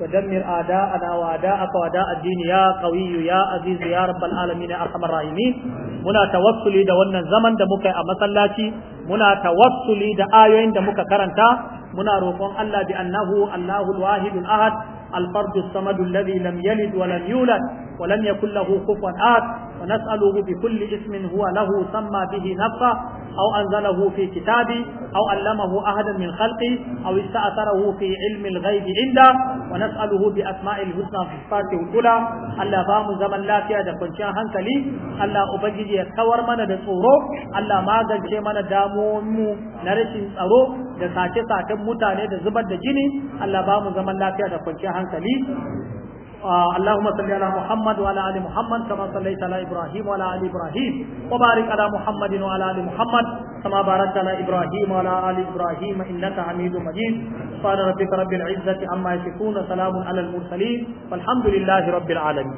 ودمر اعداءنا واعداءك واعداء الدين ya قوي ya عزيز يا رب العالمين يا ارحم الراحمين muna tawassuli da wannan zaman da muka yi a masallaci muna tawassuli da ayoyin da muka karanta muna roƙon Allah bi annahu Allahu al-wahid al-ahad al-fard as-samad alladhi lam yalid wa lam yulad wa lam yakul lahu kufuwan ahad ونسأله بكل اسم هو له سمى به نفسه أو أنزله في كتابه أو علمه أحدا من خلقه أو استأثره في علم الغيب عنده ونسأله بأسماء الحسنى في صفاته الأولى ألا بام زمن لا فيها كونشان هنكلي ألا أبجدي يتكور من دسورو ألا ما قلت من دامومو نرشن tsaro da sace-sacen mutane da zubar da jini Allah ba mu zaman lafiya da kwanciyar hankali آه، اللهم صل على محمد وعلى ال محمد كما صليت على ابراهيم وعلى ال ابراهيم وبارك على محمد وعلى ال محمد كما باركت على ابراهيم وعلى ال ابراهيم انك حميد مجيد سبحان ربك رب العزه عما يصفون وسلام على المرسلين والحمد لله رب العالمين